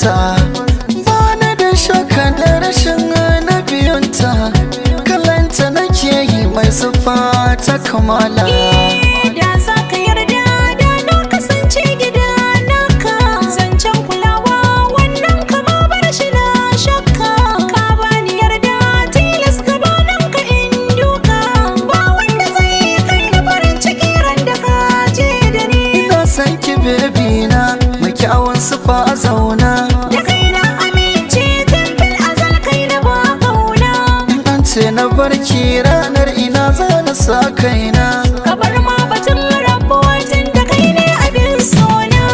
ta bane da shaka da rashin na biyunta kalanta nake yi mai zufa ta kamala sa kaina kamar ma batun rabuwar tun da kai ne abin sona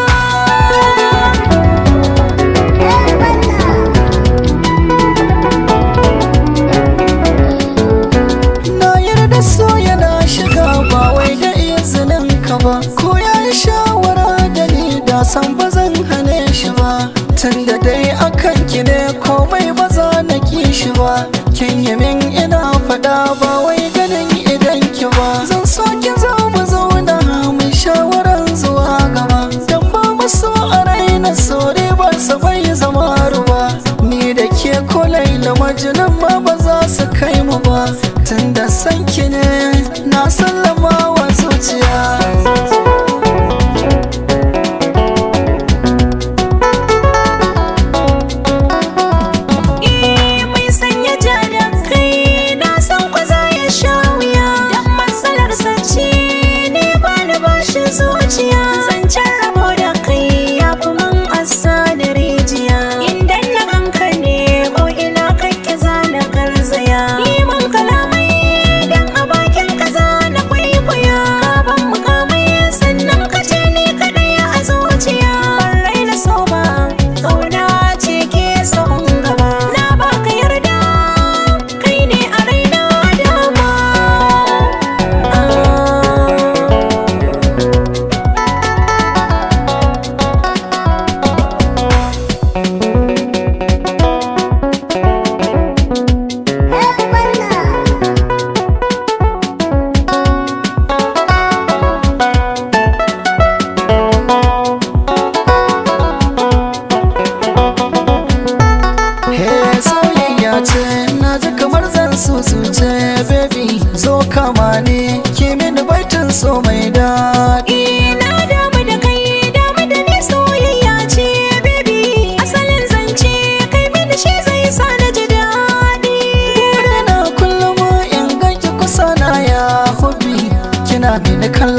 na yarda so yana shiga ba wai da izinin ka ba ko ya yi shawara da ni da san ba zan hane shi ba tun da dai akan ki ne komai ba za na ki shi ba kin yi min ina faɗa ba kulai na majinan ma ba za su kai mu ba tunda sanki ne na kai ki mini baitin so mai daɗi na damu da kai damu da ni soyayya ce baby asalin zance kai mini shi zai sa na ji daɗi na kullum in ganki kusa na ya hobi kina mini kallon